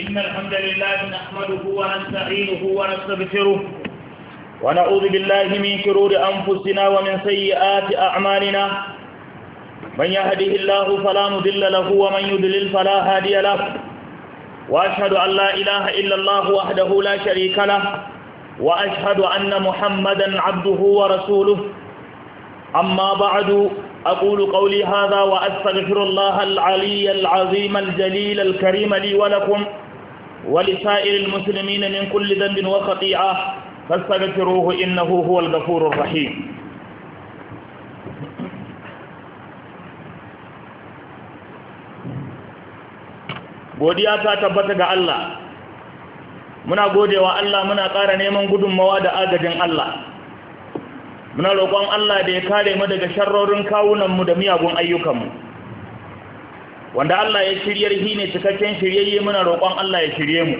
إن الحمد لله نحمده ونستعينه ونستغفره ونعوذ بالله من شرور أنفسنا ومن سيئات أعمالنا من يهده الله فلا مضل له ومن يضلل فلا هادي له وأشهد أن لا إله إلا الله وحده لا شريك له وأشهد أن محمدا عبده ورسوله أما بعد أقول قولي هذا وأستغفر الله العلي العظيم الجليل الكريم لي ولكم ولسائر المسلمين من كل ذنب وخطيئة فاستغفروه إنه هو الغفور الرحيم godiya ta tabbata ga Allah muna godewa Allah muna ƙara neman gudunmawa da agajin Allah muna roƙon Allah da ya kare mu daga sharrorin kawunanmu da miyagun ayyukanmu wanda Allah ya shiryar shi ne cikakken shiryayye muna roƙon Allah ya shirye mu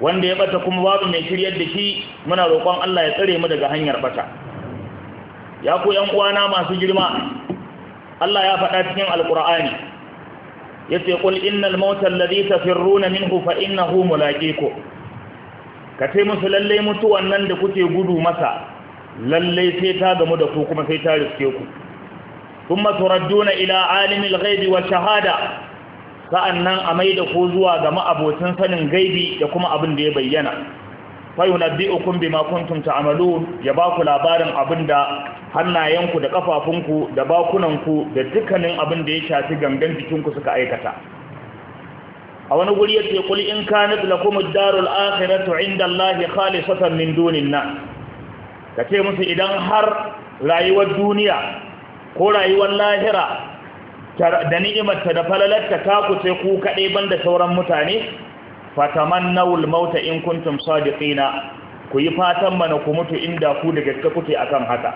wanda ya bata kuma babu mai shiryar da shi muna roƙon Allah ya tsare mu daga hanyar bata ya ku ƴan uwana masu girma Allah ya faɗa cikin alƙur'ani yace qul innal mauta alladhi tafirruna minhu fa innahu mulaqiku ka ce musu lallai mutuwan nan da kuke gudu masa lallai sai ta gamu da ku kuma sai ta riske ku ثم تردون إلى عالم الغيب والشهادة sa'annan a mai da ko zuwa ga ma'abocin sanin gaibi da kuma abin da ya bayyana fayu na biyu kun bi makuntun ta'amalu ya ba ku labarin abin da hannayenku da ƙafafunku da bakunanku da dukkanin abin da ya shafi gangan jikinku suka aikata a wani wuri ya ce kuli in kanat lakum ad-darul akhiratu inda Allah khalisatan min nan. Ka ce musu idan har rayuwar duniya ko rayuwar lahira da ni'imarta da falalarta ta kuce ku kaɗai ban da sauran mutane fataman naul mauta in kuntum sadiqina ku yi fatan mana ku mutu inda ku da gaske kuke akan haka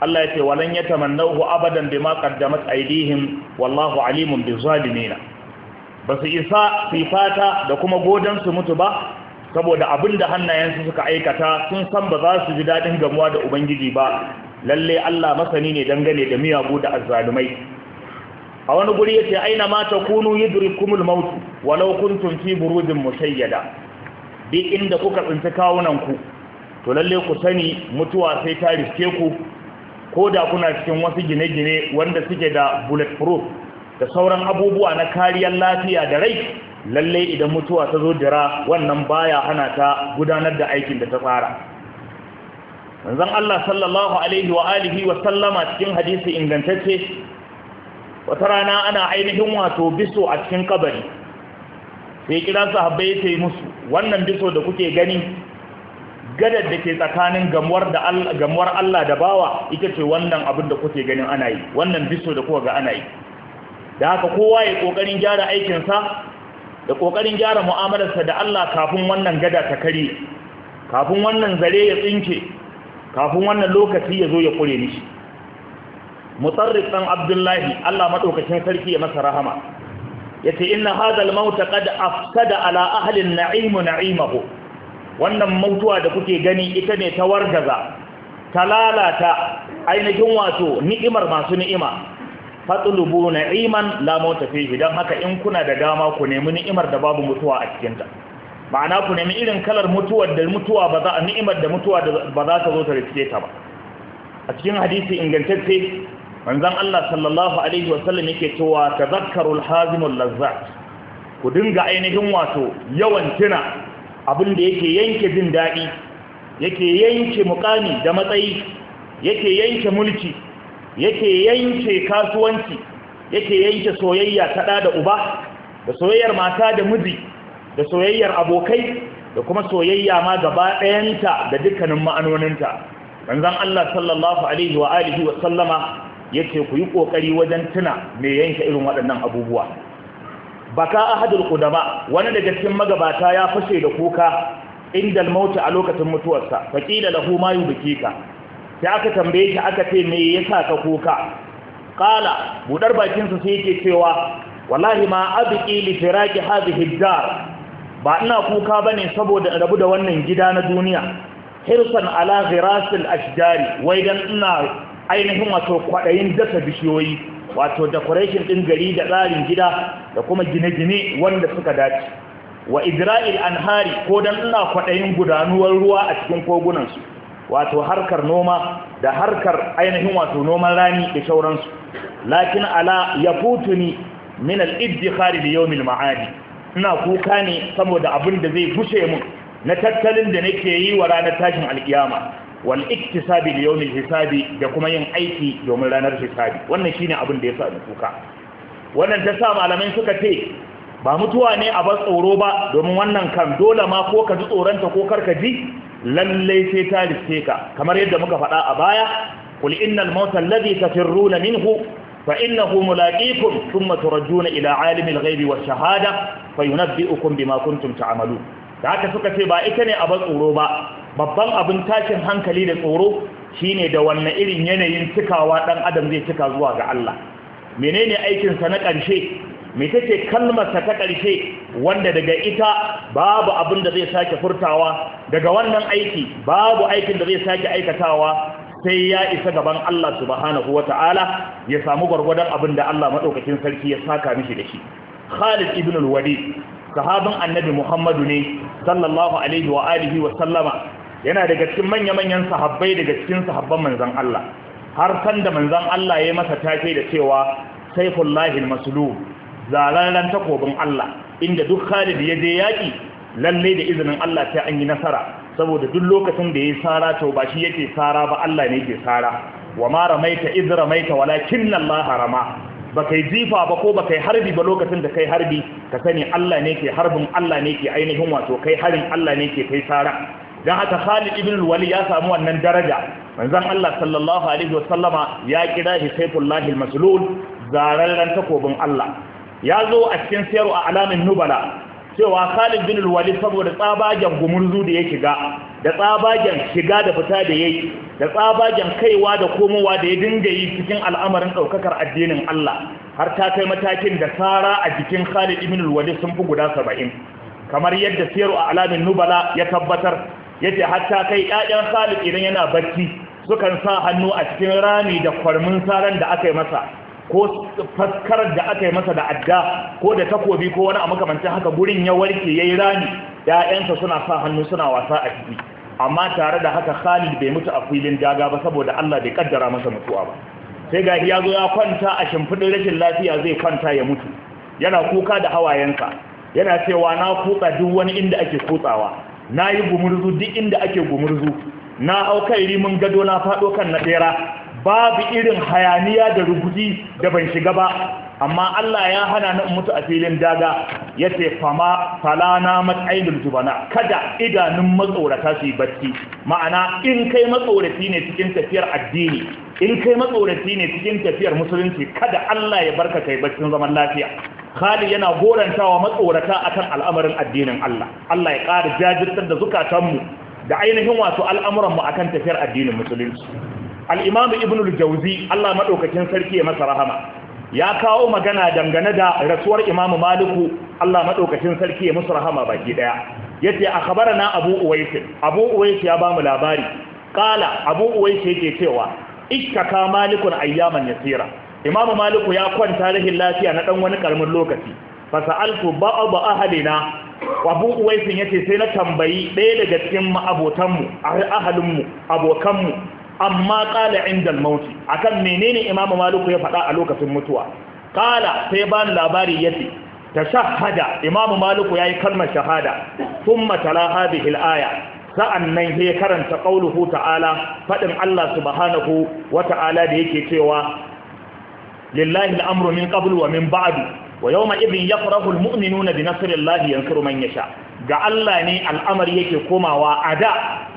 Allah ya ce walan yatamannahu abadan bima qaddamat aydihim wallahu alimun bizalimin ba su isa su fata da kuma godan su mutu ba saboda abinda hannayensu suka aikata sun san ba za su ji dadin gamuwa da ubangiji ba lalle Allah masani ne dangane da miyagu da azzalumai a wani guri yace aina ma takunu yudrikumul maut walau kuntum fi burujin mushayyada bi inda kuka tsinci kawunan ku to lalle ku sani mutuwa sai ta riske ku ko da kuna cikin wasu gine-gine wanda suke da bulletproof da sauran abubuwa na kariyar lafiya da rai lalle idan mutuwa ta zo dira wannan baya hana ta gudanar da aikin da ta tsara manzon Allah sallallahu alaihi wa alihi wa sallama cikin hadisi ingantacce wata rana ana ainihin wato biso a cikin kabari sai kira sahabbai sai musu wannan biso da kuke gani gadar da ke tsakanin gamuwar da Allah da bawa ita ce wannan abin da kuke ganin ana yi wannan biso da kuka ga ana yi da haka kowa ya kokarin gyara aikinsa sa da kokarin gyara mu'amalarsa da Allah kafin wannan gada ta kare kafin wannan zare ya tsinke kafin wannan lokaci ya zo ya kure shi, mutsarrif ɗan abdullahi allah maɗaukacin sarki ya masa rahama ya ce inna hadal mauta kada afkada ala ahalin na'imu na'imahu wannan mautuwa da kuke gani ita ne ta wargaza ta lalata ainihin wato ni'imar masu ni'ima fatulubu na'iman la mauta fihi dan haka in kuna da dama ku nemi ni'imar da babu mutuwa a cikinta ma'ana ku nemi irin kalar mutuwar da mutuwa ba za a ni'imar da mutuwa da ba za ta zo ta rike ta ba a cikin hadisi ingantacce manzon Allah sallallahu alaihi sallam yake cewa tazakkarul hazimul lazzat ku dinga ainihin wato yawan tuna abin da yake yanke jin daɗi yake yanke mukami da matsayi yake yanke mulki yake yanke kasuwanci yake yanke soyayya ta da uba da soyayyar mata da miji da soyayyar abokai da kuma soyayya ma gaba ɗayanta da dukkanin ma'anoninta manzon Allah sallallahu alaihi wa alihi wa sallama yace ku yi ƙoƙari wajen tuna mai yanke irin waɗannan abubuwa baka ahadul ƙudama wani daga cikin magabata ya fashe da kuka inda al a lokacin mutuwarsa da lahu ma yubkika sai aka tambaye shi aka ce me yasa ka kuka Ƙala, buɗar bakin sai yake cewa wallahi ma abqi li firaqi hadhihi dar ba ina kuka ba ne saboda in rabu da wannan gida na duniya hirsan ala ghirasil ashjari wai dan ina ainihin wato kwaɗayin dasa bishiyoyi wato decoration ɗin gari da tsarin gida da kuma gine-gine wanda suka dace wa idra'il anhari ko dan ina kwaɗayin gudanuwar ruwa a cikin kogunansu, wato harkar noma da harkar ainihin wato noman rani da shauransu lakin ala yafutuni min al-iddikhari li yawmil ma'adi ina kuka ne saboda abin da zai gushe mun na tattalin da nake yi wa ranar tashin alkiyama wal iktisabi da yawmil hisabi da kuma yin aiki domin ranar hisabi wannan shine abin da ya ni kuka wannan ta sa malamai suka ce ba mutuwa ne a bar tsoro ba domin wannan kan dole ma ko ka ji tsoronta ko kar ka ji lallai sai ta riske ka kamar yadda muka faɗa a baya kul innal mauta alladhi tafirruna minhu فإنه ملاقيكم ثم ترجون إلى عالم الغيب والشهادة فينبئكم بما كنتم تعملون haka suka ce ba ita ne abin tsoro ba babban abin tashin hankali da tsoro shine da wanne irin yanayin cikawa dan adam zai cika zuwa ga Allah menene aikin sa na ƙarshe me take kalmarsa ta ƙarshe wanda daga ita babu abin da zai sake furtawa daga wannan aiki babu aikin da zai sake aikatawa sai ya isa gaban Allah subhanahu wata'ala ya samu gwargwadon abin da Allah madaukakin sarki ya saka mishi da shi Khalid ibn al-Walid sahabin Annabi Muhammadu ne sallallahu alaihi wa alihi wa sallama yana daga cikin manya-manyan sahabbai daga cikin sahabban manzon Allah har san da manzon Allah ya masa take da cewa saifullahi al-maslub zalalan takobin Allah inda duk Khalid ya je yaki lalle da izinin Allah sai an yi nasara saboda duk lokacin da yayi sara to ba shi yake sara ba Allah ne yake tsara wa ma ramaita iz ramaita walakin Allah ba kai jifa ba ko baka harbi ba lokacin da kai harbi ka sani Allah ne ke harbin Allah ne ke ainihin wato kai harin Allah ne ke kai sara dan haka Khalid ibn al-Wali ya samu wannan daraja manzon Allah sallallahu alaihi wasallama ya kira shi Saifullah al-Maslul zararren takobin Allah ya zo a cikin siyarwa a alamin nubala cewa Khalid bin Wali walid saboda tsabagen gumurzu da ya shiga da tsabagen shiga da fita da yayi da tsabagen kaiwa da komowa da ya dinga yi cikin al'amarin daukakar addinin Allah har ta kai matakin da sara a jikin Khalid bin Wali walid sun fi guda 70 kamar yadda siyar a alamin nubala ya tabbatar yace ta kai ƴaƴan Khalid idan yana bacci sukan sa hannu a cikin rami da kwarmin saran da aka yi masa ko faskar da aka yi masa da adda ko da takobi ko wani a makamancin haka gurin ya warke ya yi rami ‘ya'yansa suna sa hannu suna wasa a ciki amma tare da haka khalid bai mutu a filin daga ba saboda allah bai kaddara masa mutuwa ba sai ga ya zo ya kwanta a shimfiɗin rashin lafiya zai kwanta ya mutu yana kuka da hawayensa yana cewa na kutsa duk wani inda ake kutsawa na yi gumurzu duk inda ake gumurzu na hau kai rimin gado na faɗo kan na ɗera babu irin hayaniya da ruguji da ban shiga ba amma Allah ya hana ni mutu a filin daga ya ce fama falana matsailul jubana kada idanun matsorata su barci ma'ana in kai matsorati ne cikin tafiyar addini in kai matsorati ne cikin tafiyar musulunci kada Allah ya barka kai barcin zaman lafiya Khalid yana gorantawa matsorata akan al'amarin addinin Allah Allah ya ƙara jajirtar da zukatanmu da ainihin wato al'amuranmu akan tafiyar addinin musulunci al-imam ibn al-jawzi Allah madaukakin sarki ya masa rahama ya kawo magana dangane da rasuwar imam maliku Allah madaukakin sarki ya masa rahama baki daya yace na abu uwais abu uwais ya ba mu labari qala abu uwais yake cewa ishkaka malikun ayyaman yasira imam maliku ya kwanta rahin lafiya na ɗan wani karamin lokaci fasa'altu ba'd ahlina abu ya yace sai na tambayi ɗaya daga cikin mu abotanmu ahalinmu abokanmu amma kala inda al akan menene imam maliku ya faɗa a lokacin mutuwa kala sai bani labari yace tashahhada imam ya yayi kalmar shahada thumma tala hadhihi al sa'annan sai karanta qauluhu ta'ala fadin Allah subhanahu wa ta'ala da yake cewa lillahi al min qablu wa min ba'du wa yawma idhin yafrahu al bi nasrillahi yansuru man yasha ga Allah ne al'amari yake komawa a da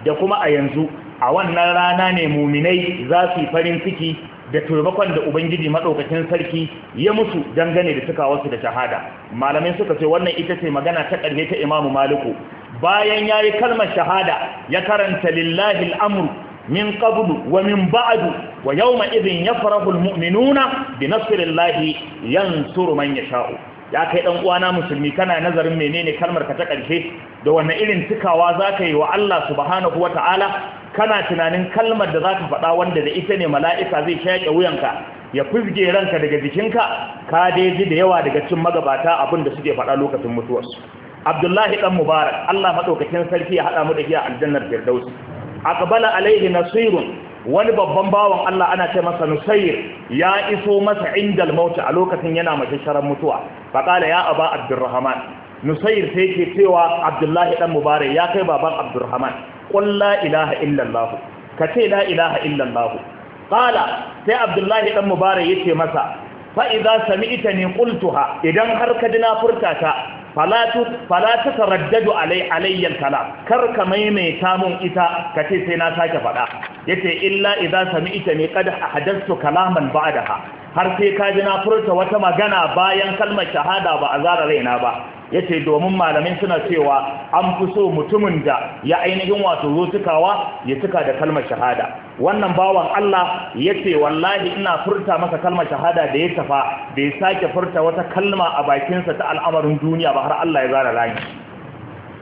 da kuma a yanzu a wannan rana ne muminai za su yi farin ciki da turbakon da ubangiji maɗaukacin sarki ya musu dangane da suka wasu da shahada malamai suka ce wannan ita ce magana ta ƙarfe ta imamu maliku bayan ya yi kalmar shahada ya karanta lillahi al'amur min qablu wa min ba'du wa yawma idhin yafrahu almu'minuna bi nasrillahi yansuru man yasha'u ya kai dan uwana musulmi kana nazarin menene kalmar ka ta karshe da wanne irin tukawa zaka yi wa Allah subhanahu wata'ala kana tunanin kalmar da za ka faɗa wanda da ita ne mala'ika zai shaƙe wuyanka ya fizge ranka daga jikinka ka dai ji da yawa daga cin magabata abin da suke faɗa lokacin mutuwarsu abdullahi ɗan mubarak allah maɗaukacin sarki ya haɗa mu da giya aljannar firdausi aqbala alaihi nasirun wani babban bawan Allah ana ce masa Nusayr ya iso masa indal mauti a lokacin yana mace sharan mutuwa faqala ya aba abdurrahman Nusayir sai ke cewa Abdullahi ɗan Mubarak ya kai baban Abdurrahman qul la ilaha illallah la ilaha illallah qala sai abdullahi dan mubarak yace masa fa'iza sami ita ne qultuha idan har ka ji na ta fala ta taraddadu alai kar ka maimaita mun ita kace sai na sake faɗa yace illa idza sami'ta ni qad ahadathtu kalaman ba'daha har sai ka ji na furta wata magana bayan kalmar shahada ba a zara raina ba ya ce domin malamin suna cewa an fi so mutumin da ya ainihin wato zo cikawa ya cika da kalmar shahada wannan bawan Allah ya ce wallahi ina furta masa kalmar shahada da ya tafa bai sake furta wata kalma a bakinsa ta al'amarin duniya ba har Allah ya zara layi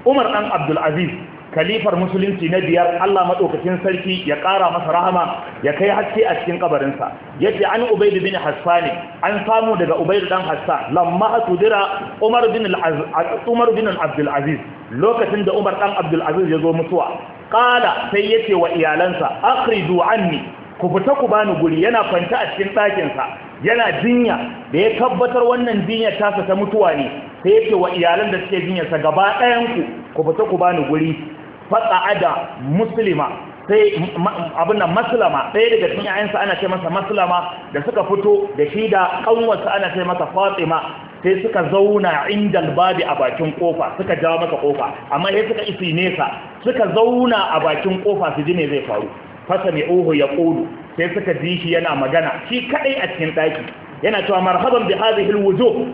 Umar ɗan Abdulaziz kalifar musulunci na biyar Allah madaukakin sarki ya ƙara masa rahama ya kai haske a cikin kabarinsa yace an ubayd bin hassani an samu daga Ubaidu dan hassan lamma tudira umar bin umar bin abdul aziz lokacin da umar dan abdul aziz ya zo mutuwa ƙala sai yace wa iyalansa akhriju anni ku fita ku bani guri yana kwanta a cikin ɗakinsa yana jinya da ya tabbatar wannan jinyar tasa ta mutuwa ne sai yake wa iyalan da suke jinyarsa gaba ku ku fita ku bani guri da muslima sai abin da maslama ɗaya daga cikin ƴaƴansa ana ce masa maslama da suka fito da shi da ƙanwarsa ana ce masa fatima sai suka zauna inda albabi a bakin kofa suka jawo masa kofa amma sai suka isi nesa suka zauna a bakin kofa su ji zai faru mai oho ya ƙudu sai suka ji shi yana magana shi kaɗai a cikin ɗaki yana cewa marhaban bi hadhihi mara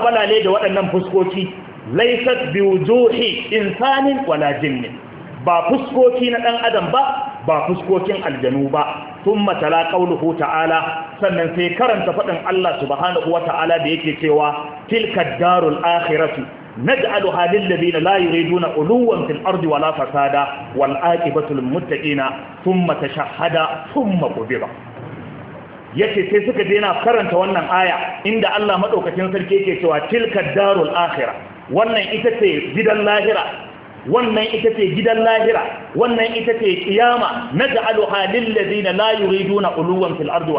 marabala ne da waɗannan fuskoki laysat bi wujuhi insanin wala jinnin ba fuskoki na ɗan adam ba ba fuskokin aljanu ba sun matala ƙaunuhu ta'ala sannan sai karanta faɗin Allah subhanahu wa ta'ala da yake cewa tilka darul akhiratu naj'alu halil ladina la yuriduna uluwan fil ardi wala fasada wal aqibatu shahada muttaqina thumma tashahhada thumma qubira yace sai suka daina karanta wannan aya inda Allah maɗaukacin sarki ke cewa tilka darul akhirah wannan ita ce gidan lahira wannan ita ce gidan lahira wannan ita ce kiyama naj'aluha lil ladina la uluwan fil ardi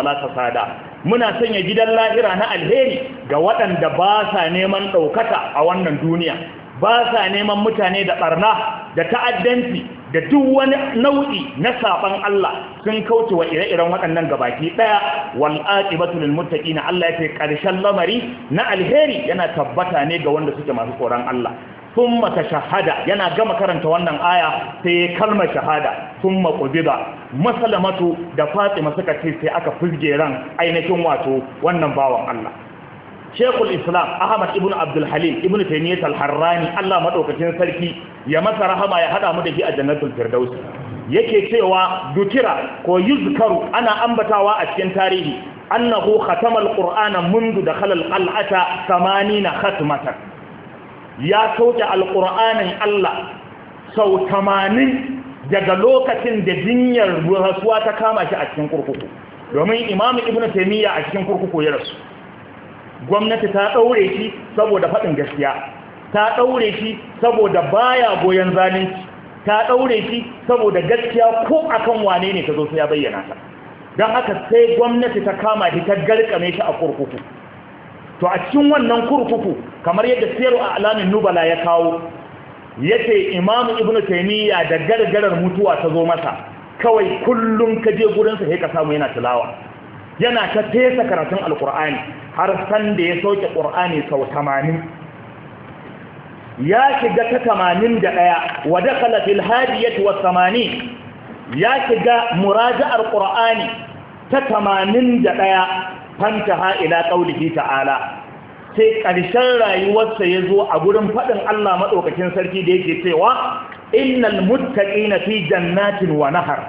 muna sanya gidan lahira na alheri ga waɗanda ba sa neman ɗaukata a wannan duniya ba sa neman mutane da barna da ta'addanci da duk wani nau'i na saɓan Allah sun kauce wa ire-iren waɗannan gabaki ɗaya wal'aƙi aqibatu lil na Allah ce ƙarshen lamari na alheri yana tabbata ne ga wanda suke masu tsoron Allah mata shahada, yana gama karanta wannan aya sai kalma shahada thumma qubida masalamatu da Fatima suka ce sai aka furge ran ainihin wato wannan bawan Allah Shekul Islam Ahmad ibn abdulhalim ibn Taymiyyah al Allah madaukakin sarki ya masa rahama ya haɗa mu da shi a Jannatul Firdaus yake cewa dukira ko yuzkaru ana ambatawa a cikin tarihi annahu khatama al mundu منذ dakhala al-qal'ata 80 khatmatan ya sauke alƙur'anin Allah sau tamanin daga lokacin da jinyar rasuwa ta kama shi a cikin kurkuku domin imamu ibn taimiyya a cikin kurkuku ya rasu gwamnati ta ɗaure shi saboda faɗin gaskiya ta ɗaure shi saboda baya goyon zalunci ta ɗaure shi saboda gaskiya ko akan wane ne ta zo sai ya bayyana ta don haka sai gwamnati ta kama shi ta garkame shi a kurkuku to a cikin wannan kurkuku kamar yadda sayar a alamin nubala ya kawo ya ce imamu ibn taimiyya da gargarar mutuwa ta zo masa kawai kullum ka je gurinsa sai ka samu yana tilawa yana ta fesa karatun alkur'ani har san da ya sauke ƙur'ani sau tamanin ya shiga ta tamanin da ɗaya wa dakala fil hadiyati wa 80 ya shiga muraja'ar ƙur'ani ta tamanin da ɗaya fantaha ila qaulihi ta'ala sai ƙarshen rayuwarsa ya zo a gurin faɗin Allah maɗaukacin sarki da yake cewa innal muttaqina fi jannatin wa nahar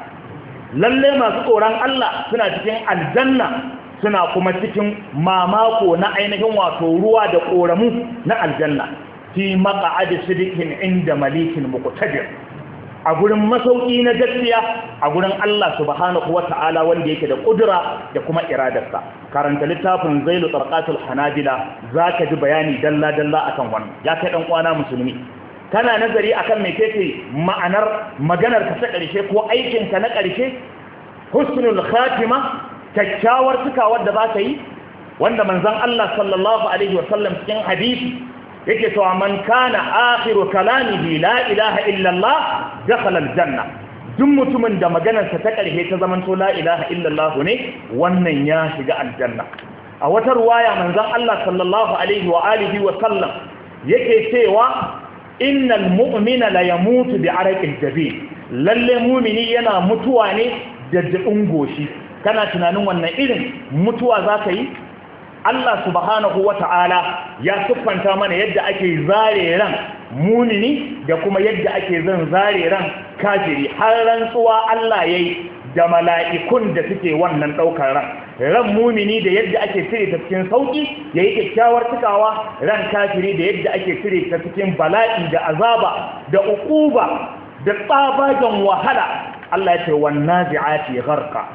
lalle masu tsoron Allah suna cikin aljanna suna kuma cikin mamako na ainihin wato ruwa da ƙoramu na aljanna fi maqa'adi sidikin inda malikin muqtadir a gurin masauki na gaskiya a gurin Allah subhanahu wa ta'ala wanda yake da kudura da kuma iradarsa karanta littafin zailu tsarkatul hanabila za ka ji bayani dalla-dalla akan wani. ya kai ɗan kwana musulmi Tana nazari akan mai tete ma'anar maganar ka ta ƙarshe ko aikinka na ƙarshe husnul khatima kyakkyawar cikawar da za ka yi wanda manzon Allah sallallahu alaihi wasallam cikin hadisi yake cewa man kana akhiru kalamihi la ilaha illa Allah dakhala aljanna duk mutumin da maganarsa ta karhe ta zamanto la ilaha illa Allah ne wannan ya shiga aljanna a wata ruwaya manzon Allah sallallahu alaihi wa alihi wa sallam yake cewa innal mu'mina la yamutu bi araqil jabin lalle mu'mini yana mutuwa ne da jibin goshi kana tunanin wannan irin mutuwa zaka yi Allah subhanahu wa ta'ala ya siffanta mana yadda ake zare ran munini da kuma yadda ake zan zare ran kafiri har rantsuwa Allah ya yi da mala'ikun da suke wannan ɗaukar ran ran mumini da yadda ake cire ta cikin sauƙi ya yi kyakkyawar cikawa ran kafiri da yadda ake cire ta cikin bala'i da azaba da uquba da tsabagen wahala Allah ya ce wannan zi'ati gharqa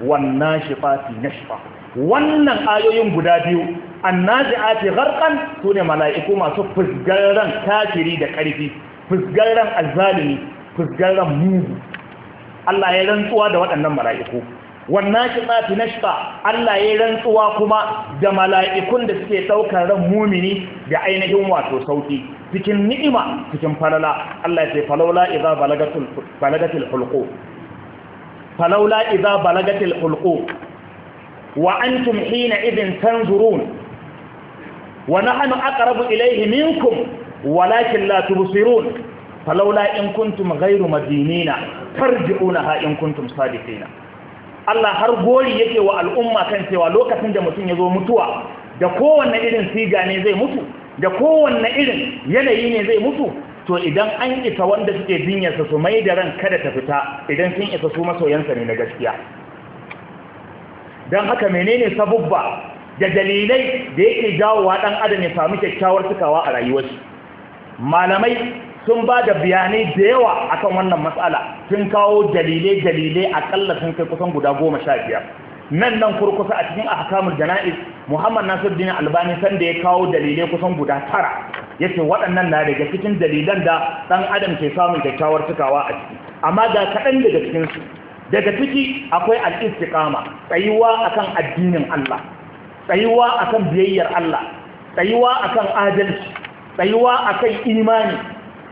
wannan shifati shifa. wannan ayoyin guda biyu garkan su ne mala'iku masu fusgarran kafiri da ƙarfi fusgarran azzalimi fusgarran mugu Allah ya rantsuwa da waɗannan mala'iku wannan na nashqa Allah ya rantsuwa kuma da mala'ikun da suke ɗaukar ran mumini da ainihin wato sauƙi, cikin ni'ima cikin falala Allah ya ce falaula balagatil hulqu balagatil hulqu wa antum hina idin tanzurun wa nahnu aqrabu ilayhi minkum walakin la tubsirun falawla in kuntum ghayru madinina tarji'unaha in Allah har gori yake wa al'umma kan cewa lokacin da mutum ya zo mutuwa da kowanne irin siga ne zai mutu da kowanne irin yanayi ne zai mutu to idan an isa wanda suke jinyarsa su mai da ran kada ta fita idan sun isa su masoyansa ne na gaskiya don haka menene sabubba da dalilai da yake jawowa ɗan adam ya samu kyakkyawar cikawa a rayuwarsu malamai sun ba da bayanai da yawa akan wannan matsala sun kawo dalilai dalilai akalla sun kai kusan guda goma sha biyar nan nan kurkusa a cikin ahkamul jana'iz Muhammad Nasiruddin Albani san da ya kawo dalilai kusan guda tara yace waɗannan na daga cikin dalilan da ɗan adam ke samun kyakkyawar cikawa a ciki amma ga kaɗan daga cikin su daga ciki akwai al'istiƙama tsayuwa akan addinin Allah tsayuwa akan biyayyar Allah tsayuwa akan adalci tsayuwa akan imani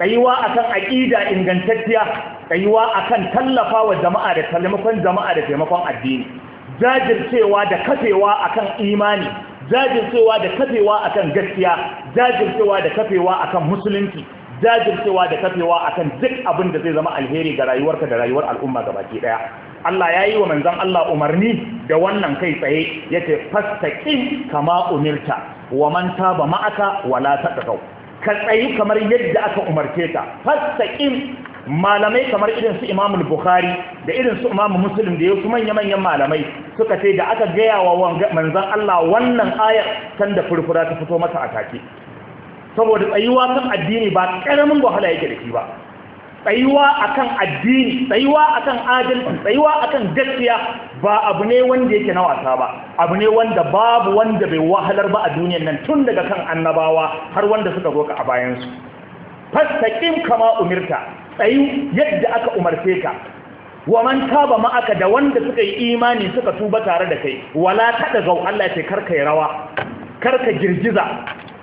tsayuwa akan aƙida ingantacciya tsayuwa akan tallafawa jama'a da taimakon jama'a da taimakon addini jajircewa da kafewa akan imani jajircewa da kafewa akan gaskiya jajircewa da kafewa akan musulunci jajircewa da kafewa akan duk abin da zai zama alheri ga rayuwarka da rayuwar al'umma gabaki daya Allah ya yi wa manzan Allah umarni da wannan kai tsaye yace fastaƙin kama umirta wa man taba ma'aka wala tatakaw ka tsayi kamar yadda aka umarce ka Fastaƙin malamai kamar irin su Imam Bukhari da irin su Imam Muslim da yasu manya-manyan malamai suka ce da aka gaya wa manzon Allah wannan ayar kan da furfura ta fito masa a take saboda tsayuwa kan addini ba ƙaramin wahala yake da shi ba tsayuwa akan addini tsayuwa akan adalci tsayuwa akan gaskiya ba abu ne wanda yake na wasa ba abu ne wanda babu wanda bai wahalar ba a duniyan nan tun daga kan annabawa har wanda suka zo ka a bayansu fastaqim kama umirta tsayu yadda aka umarce ka wa man taba ma'aka da wanda suka yi imani suka tuba tare da kai wala kaɗa gau Allah ya ce karka yi rawa karka girgiza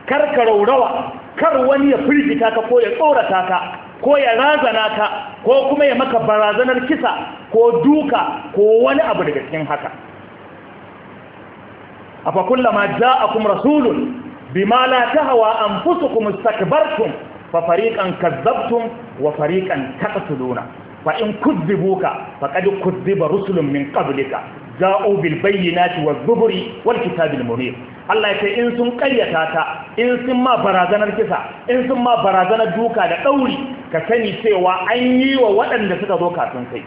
kar ka raurawa kar wani ya firgita ka ko ya tsorata ka ko ya razana ka ko kuma ya maka barazanar kisa ko duka ko wani abu daga cikin haka afa kullama ja'akum rasulun bima la tahwa anfusukum istakbartum fa fariqan kadzabtum wa fariqan taqtuluna fa in kudzibuka faqad kudziba rusulun min qablika ja'u bil bayyinati wadh-dhubri wal kitabil munir Allah ya ce in sun ƙaryata ta in sun ma barazanar kisa in sun ma barazanar duka da ɗauri ka sani cewa an yi wa waɗanda suka zo kafin kai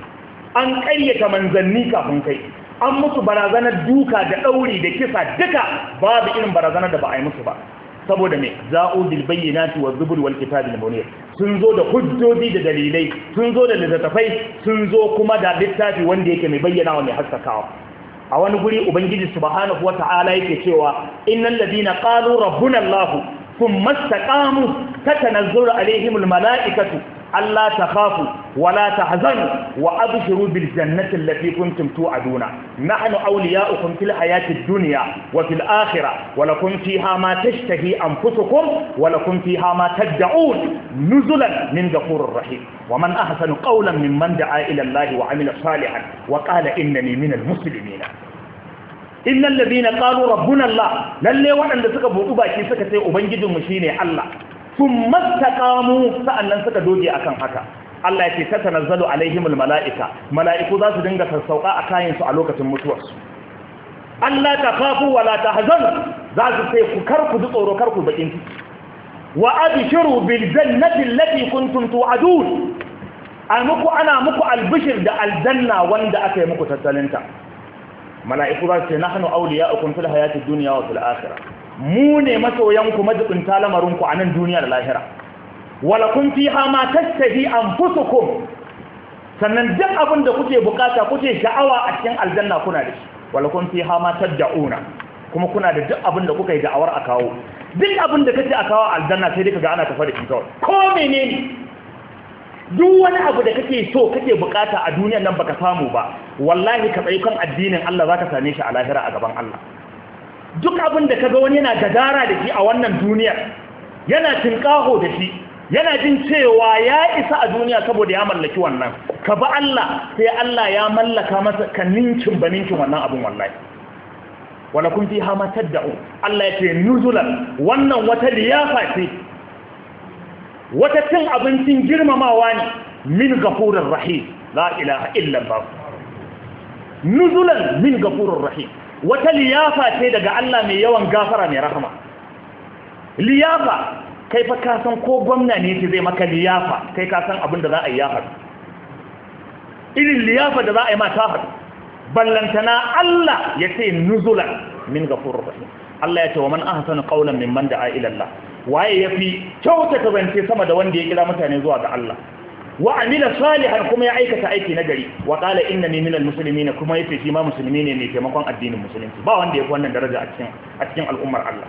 an ƙaryata manzanni kafin kai an musu barazanar duka da ɗauri da kisa duka babu irin barazanar da ba a yi musu ba saboda me za'u bil bayyinati wa zubur wal al munir sun zo da hujjoji da dalilai sun zo da littattafai sun zo kuma da littafi wanda yake mai bayyana wa mai haskakawa a wani guri ubangiji subhanahu wata'ala yake cewa innal ladina qalu rabbuna allah thumma istaqamu tatanazzalu alaihimul malaikatu Allah ta khafu wala ta hazanu wa abshiru bil jannati allati kuntum tu'aduna nahnu awliya'ukum fil hayati dunya wa fil akhirah wa lakum fiha ma tashtahi anfusukum wa lakum fiha ma tad'un nuzulan min ghafurur rahim wa man ahsanu qawlan mimman da'a ila Allah wa 'amila salihan wa qala innani minal muslimin innal ladina qalu rabbuna Allah lalle waɗanda suka buɗu baki suka ce ubangijinmu shine Allah sun mastakamu sa'annan suka doge akan haka Allah ya ce ta tanazzalu alaihimul mala'ika mala'iku za su dinga sassauka a kayansu a lokacin mutuwarsu Allah ta kafu wa la tahzan za su sai ku karku ji tsoro karku bakin ciki wa abshiru bil jannati allati kuntum tu'adun an muku ana muku albishir da aljanna wanda aka yi muku tattalinta mala'iku za su ce nahnu awliya'ukum fil hayatid dunya wa fil akhirah mu ne masoyanku majibinta lamarinku a nan duniya da lahira Wala kun fi hama tattahi an fusukum sannan duk abin da kuke bukata kuke sha'awa a cikin aljanna kuna da shi Wala kun fi hama tadda'una kuma kuna da duk abin da kuka yi da'awar a kawo duk abin da kace a kawo aljanna sai dai kaga ana tafa da shi kawai ko menene duk wani abu da kake so kake bukata a duniyar nan baka samu ba wallahi ka tsayi kan addinin Allah zaka same shi a lahira a gaban Allah duk abin da ka ga wani yana gadara da shi a wannan duniyar yana tinkaho da shi yana jin cewa ya isa a duniya saboda ya mallaki wannan ka ba Allah sai Allah ya mallaka masa ka ninkin ba ninkin wannan abin wallahi wala kun fiha ma tad'u Allah ya ce nuzulan wannan wata liyafa ce wata cin abincin girmamawa ne min gafurir rahim la ilaha illa Allah nuzulan min gafurir rahim wata liyafa ce daga Allah mai yawan gafara mai rahama liyafa kai fa ka san ko gwamna ne ce zai maka liyafa kai ka san abin da za a yi yafar irin liyafa da za a yi mata haɗu ballantana Allah ya ce nuzula min gafurur rahim Allah ya ce wa man ahsanu qawlan mimman da'a ila Allah waye yafi kyautata zance sama da wanda ya kira mutane zuwa ga Allah wa amila salihan kuma ya aikata aiki na gari wa qala innani minal muslimin kuma yace shi ma musulmi ne mai taimakon addinin musulunci ba wanda yake wannan daraja a cikin a cikin al'ummar Allah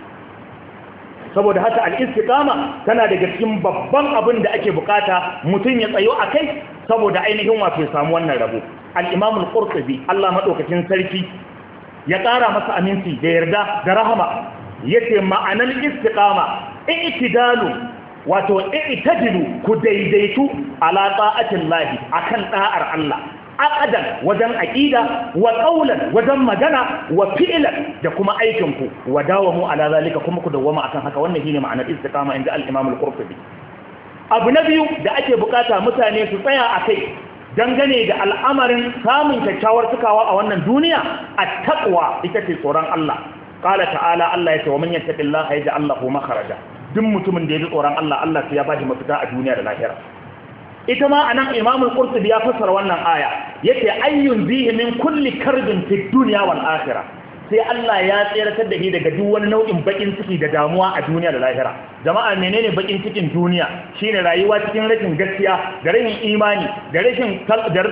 saboda haka al-istiqama tana daga cikin babban abin da ake bukata mutum ya tsayo akai saboda ainihin wato ya samu wannan rabo al-imam al-qurtubi Allah madaukakin sarki ya kara masa aminci da yarda da rahama yace ma'anar istiqama i'tidalu wato i'tadilu ku daidaitu ala ta'atin lahi akan da'ar Allah A'adan wajen aqida wa qawlan wajen magana wa fi'lan da kuma aikin ku wadawamu ala zalika kuma ku dawama akan haka wannan shine ma'anar istiqama inda al-Imam al-Qurtubi abu na biyu da ake bukata mutane su tsaya akai dangane da al'amarin samun kyakkyawar tukawa a wannan duniya at-taqwa ita ce tsoron Allah qala ta'ala Allah ya ce wa man yattaqillaha yaj'al lahu makhraja duk mutumin da ya ji tsoron Allah Allah sai ya bashi mafita a duniya da lahira ita ma anan imamul qurtubi ya fassara wannan aya yace ayyun bihi min kulli karbin fi dunya wal akhirah sai Allah ya tseratar da shi daga duk wani nau'in bakin ciki da damuwa a duniya da lahira jama'a menene bakin cikin duniya shine rayuwa cikin rashin gaskiya da rashin imani da rashin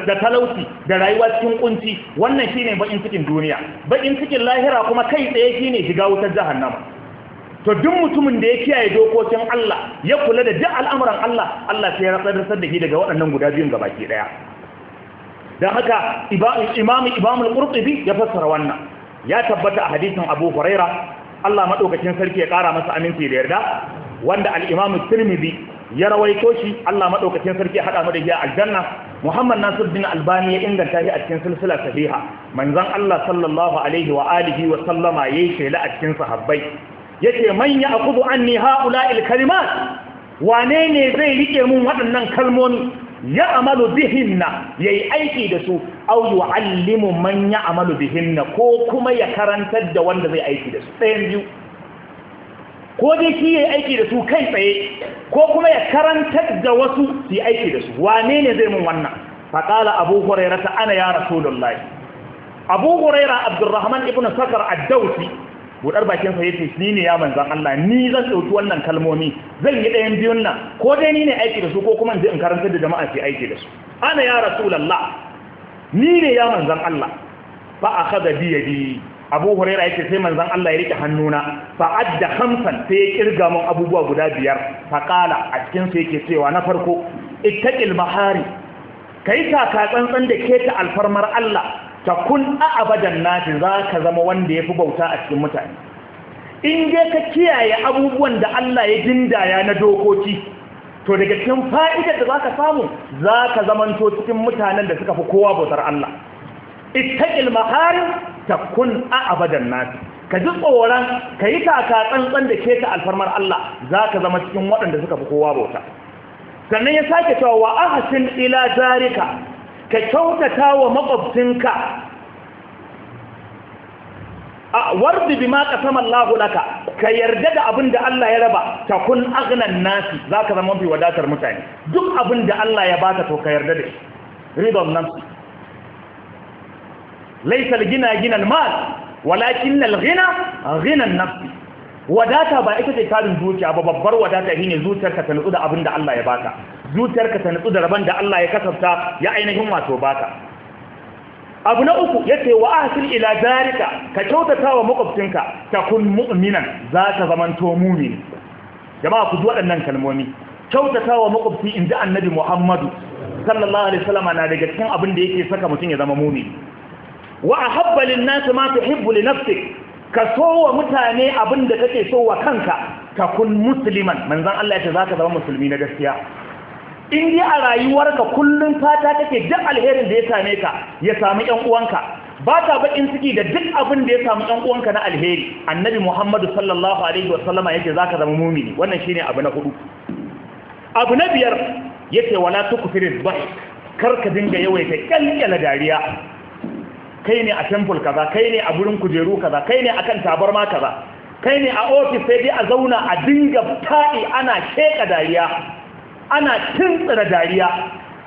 da talauci da rayuwa cikin kunci wannan shine bakin cikin duniya bakin cikin lahira kuma kai tsaye shine shiga wutar jahannama to duk mutumin da ya kiyaye dokokin Allah ya kula da duk al'amuran Allah Allah sai ya ratsar da shi daga waɗannan guda biyun gabaki ɗaya. Da haka imam imam al-qurtubi ya fassara wannan ya tabbata a hadisin Abu Huraira Allah madaukakin sarki ya kara masa aminci da yarda wanda al-imam Tirmidhi ya rawaito shi Allah madaukakin sarki ya hada mu da shi aljanna Muhammad Nasiruddin Albani ya inganta shi a cikin silsila sahiha manzon Allah sallallahu alaihi wa alihi wa sallama yayi shela a cikin sahabbai yace man kubu anni ha'ula ilkalima wane ne zai rike mun waɗannan kalmomi ya amalu bihinna yayi aiki da su aw yu'allimu man ya amalu bihinna ko kuma ya karantar da wanda zai aiki da su ɗayan biyu ko dai shi yayi aiki da su kai tsaye ko kuma ya karantar da wasu su yi aiki da su wane ne zai mun wannan faqala abu hurairah ana ya rasulullahi abu Abdulrahman abdurrahman ibn sakar ad-dawsi budar bakin sa yace ni ne ya manzan Allah ni zan dauki wannan kalmomi zan yi ɗayan biyun nan ko dai ni ne aiki da su ko kuma in je in karanta da jama'a ke aiki da su ana ya rasulullah ni ne ya manzan Allah fa akhadha bi yadi abu huraira yake sai manzan Allah ya rike hannuna fa adda khamsan sai ya kirga mun abubuwa guda biyar fa qala a cikin sa yake cewa na farko ittaqil mahari kai taka tsantsan da keta alfarmar Allah ta kun a abadan nasi za ka zama wanda ya fi bauta a cikin mutane in je ka kiyaye abubuwan da Allah ya ya na dokoki to daga cikin fa'idar da za ka samu za ka zamanto cikin mutanen da suka fi kowa bautar Allah ita maharin ta kun a abadan nashi ka ji tsoron ka yi taka tsantsan da ke ta alfarmar Allah za ka zama cikin waɗanda suka fi kowa bauta sannan ya sake cewa wa ahasin ila jarika ka kyautata wa makwabcinka a wardi bi ma qasama Allahu ka yarda da abin da Allah ya raba ta kun aghnan nasi zaka zama fi wadatar mutane duk abin da Allah ya baka to ka yarda da shi ridon nafsi laysa gina ghina al-mal walakin al-ghina mal walakin al ghina nasi wadata ba ita ce tarin zuciya ba babbar wadata shine zuciyarka ta nutsu da abin da Allah ya baka zuciyarka ta nutsu da rabon da Allah ya kasafta ya ainihin wato baka abu na uku yace wa ahsin ila jarika ka kyautata wa makwabcinka takun mu'minan za zamanto mu'min jama'a ku ji waɗannan kalmomi kyautata wa makwabci inji annabi Muhammadu sallallahu alaihi wasallam na daga cikin abin da yake saka mutum ya zama mu'min wa ahabba lin nas ma tuhibbu li nafsik ka so wa mutane abin da kake so wa kanka ka kun musulman manzan Allah ya ce za ka zama musulmi na gaskiya in a rayuwarka kullum fata take duk alherin da ya same ka ya samu ƴan uwanka ba ta bakin ciki da duk abin da ya samu yan uwanka na alheri annabi muhammadu sallallahu alaihi wasallama yake za ka zama mumini wannan shine abu na hudu abu na biyar yake wala tukufirin ba kar ka dinga yawaita kyalkyala dariya kai ne a temple kaza kai ne a gurin kujeru kaza kai ne akan tabarma kaza kai ne a ofis sai dai a zauna a dinga ta'i ana sheka dariya ana tuntsira dariya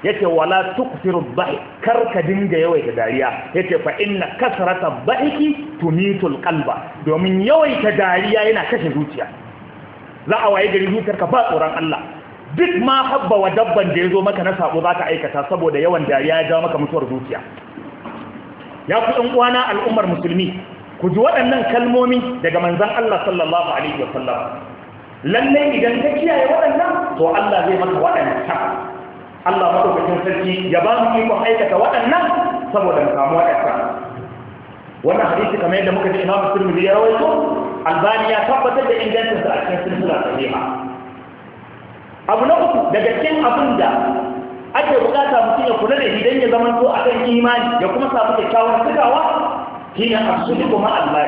yace wala tukthiru bahi ka dinga yawaita dariya yace fa inna kasrata bahiki tumitul kalba, domin yawaita dariya yana kashe zuciya za a waye gari zuciyar ka ba tsoron Allah duk ma habba wa dabban da yazo maka na sako zaka aikata saboda yawan dariya ya jawo maka mutuwar zuciya ya ku ɗan uwana al'ummar musulmi ku ji waɗannan kalmomi daga manzan Allah sallallahu alaihi wa sallam lalle idan ka kiyaye waɗannan to Allah zai maka waɗannan Allah madaukakin sarki ya ba mu ikon aikata waɗannan saboda mu samu waɗannan wannan hadisi kamar yadda muka ji Imam Tirmidhi ya rawaito Albani ya tabbatar da ingancin sa a cikin silsila sahiha abu na uku daga cikin abin da ake buƙata kula da idan ya zama to kan imani ya kuma samu kyakkyawar shi ne absolu kuma Allah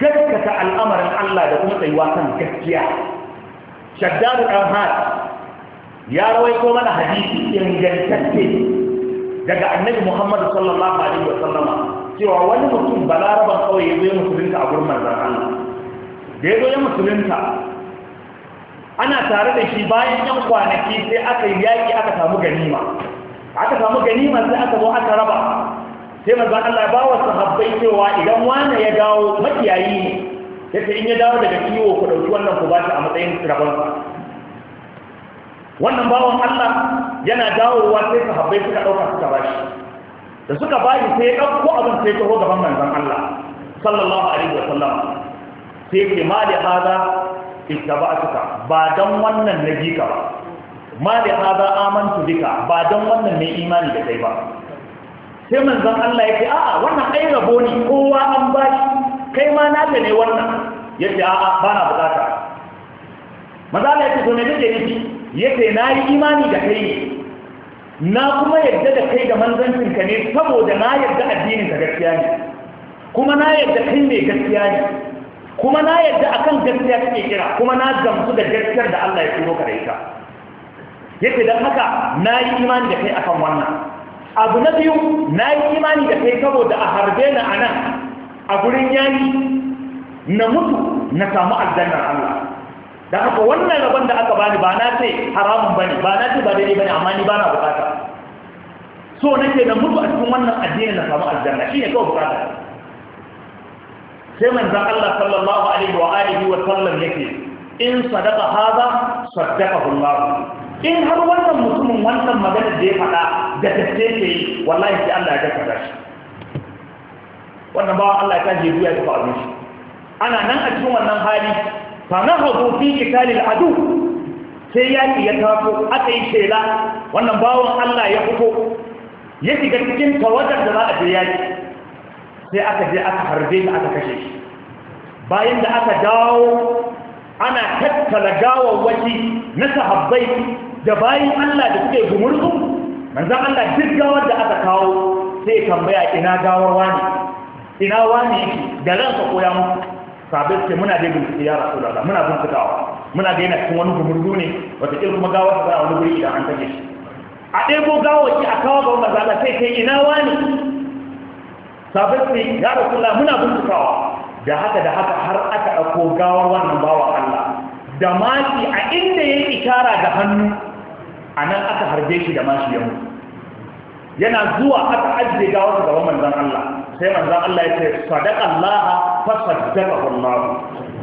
gaskata al'amarin Allah da kuma tsayuwa kan gaskiya shaddadu dan har ya rawaito mana hadisi ingantacce daga annabi Muhammad sallallahu alaihi wa sallama. cewa wani mutum balaraban kawai ya zo musulunta a gurbin Allah da ya zo ya musulunta ana tare da shi bayan yan kwanaki sai aka yi yaƙi aka samu ganima aka samu ganima sai aka zo aka raba sai manzon Allah ya bawa sahabbai cewa idan wani ya dawo makiyayi ne ce in ya dawo daga kiwo ku dauki wannan ku ba shi a matsayin rabon wannan bawan Allah yana dawowa sai sahabbai suka dauka suka ba shi da suka ba shi sai ya dauko abin sai ya taho gaban manzan Allah sallallahu alaihi wa sallam sai ya ce ma da hada ittaba'tuka ba dan wannan nabi ka ba ma da haza amantu duka ba don wannan mai imani da kai ba sai manzon Allah yake a'a wannan ai rabo ne kowa an bashi kai ma naka ne wannan yace a'a na bukata maza Allah yake to da yake nufi yace na yi imani da kai ne na kuma yadda da kai da ka ne saboda na yadda addinin ka gaskiya ne kuma na yadda kai mai gaskiya ne kuma na yadda akan gaskiya kake kira kuma na gamsu da gaskiyar da Allah ya turo ka da ita yake don haka na yi imani da kai akan wannan abu na biyu na yi imani da kai saboda a harbe na a nan a gurin yayi na mutu na samu aljannar Allah da haka wannan rabon da aka bani ba na ce haramun bane ba na ce ba daidai bane amma ni ba na bukata so nake na mutu a cikin wannan addini na samu aljanna shi ne kawai bukata sai manzan Allah sallallahu alaihi wa alihi wa sallam yake in sadaka haza sadaka Allah in har wannan mutumin wannan magana da ya faɗa da gaske ke yi wallahi sai Allah ya gaskata shi wannan bawan Allah ya tashi duya ya abin shi ana nan a cikin wannan hali fa na hago fi qitalil adu sai yaki ya taso aka yi shela wannan bawan Allah ya fito ya shiga cikin tawadar da za a je yaki sai aka je aka harbe shi aka kashe shi bayan da aka dawo ana tattala gawawwaki na sahabbai da bayin Allah da suke gumurzu manzan Allah duk gawar da aka kawo sai tambaya ina gawar wani ina wani yake da ransa koya mu sabis ke muna dai bincike ya rasu da muna bincikawa muna da yana cikin wani gumurzu ne wata irin kuma gawar da wani guri idan an tage shi a ɗebo gawar ki a kawo ga wanda zaɓa sai kai ina wani sabis suke ya rasu da muna bincikawa da haka da haka har aka ɗauko gawar wannan bawa Allah da maki a inda ya yi ishara da hannu a nan aka harbe shi da mashi yana zuwa aka ajiye gawar gaban manzan Allah sai manzon Allah ya ce sadaqallah fa saddaqahu Allah